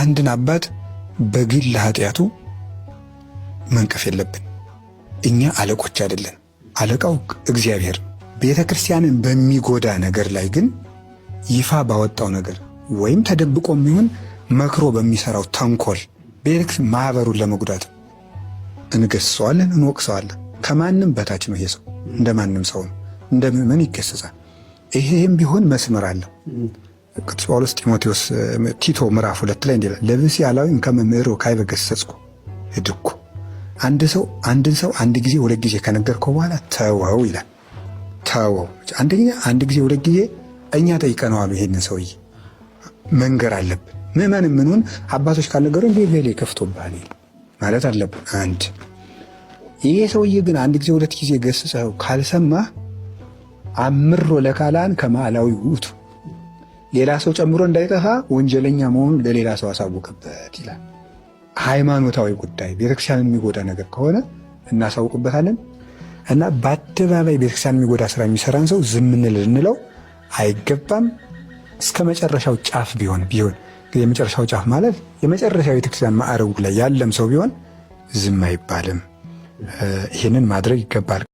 አንድን አባት በግል ኃጢአቱ መንቀፍ የለብን። እኛ አለቆች አይደለን። አለቃው እግዚአብሔር። ቤተ ክርስቲያንን በሚጎዳ ነገር ላይ ግን ይፋ ባወጣው ነገር ወይም ተደብቆ የሚሆን መክሮ በሚሰራው ተንኮል ቤተክስ ማህበሩን ለመጉዳት እንገስሰዋለን እንወቅሰዋለን። ከማንም በታች ነው ይሄ ሰው። እንደ ማንም ሰው ነው፣ እንደ ምዕመን ይገሰጻል። ይሄም ቢሆን መስመር አለው። ቅዱስ ጳውሎስ ጢሞቴዎስ ቲቶ ምዕራፍ ሁለት ላይ እንዲላል ለብሲ አላዊም ምዕሮ ካይበ ገሰጽኩ እድኩ አንድ ሰው አንድን ሰው አንድ ጊዜ ሁለት ጊዜ ከነገርከው በኋላ ተወው ይላል። ተወው አንደኛ አንድ ጊዜ ሁለት ጊዜ እኛ ጠይቀነዋል። ይሄንን ሰውዬ መንገር አለብን። ምዕመን ምንሆን አባቶች ካልነገሩ እንዲ ቬሌ ከፍቶብሃል ማለት አለብን። አንድ ይሄ ሰውዬ ግን አንድ ጊዜ ሁለት ጊዜ ገስጸው ካልሰማ አምሮ ለካላን ከማዕላዊ ውቱ ሌላ ሰው ጨምሮ እንዳይጠፋ ወንጀለኛ መሆኑን ለሌላ ሰው አሳውቅበት ይላል። ሃይማኖታዊ ጉዳይ ቤተክርስቲያን የሚጎዳ ነገር ከሆነ እናሳውቅበታለን እና በአደባባይ ቤተክርስቲያን የሚጎዳ ስራ የሚሰራን ሰው ዝም ልንለው አይገባም። እስከ መጨረሻው ጫፍ ቢሆን ቢሆን የመጨረሻው ጫፍ ማለት የመጨረሻ ቤተክርስቲያን ማዕረጉ ላይ ያለም ሰው ቢሆን ዝም አይባልም። ይህንን ማድረግ ይገባል።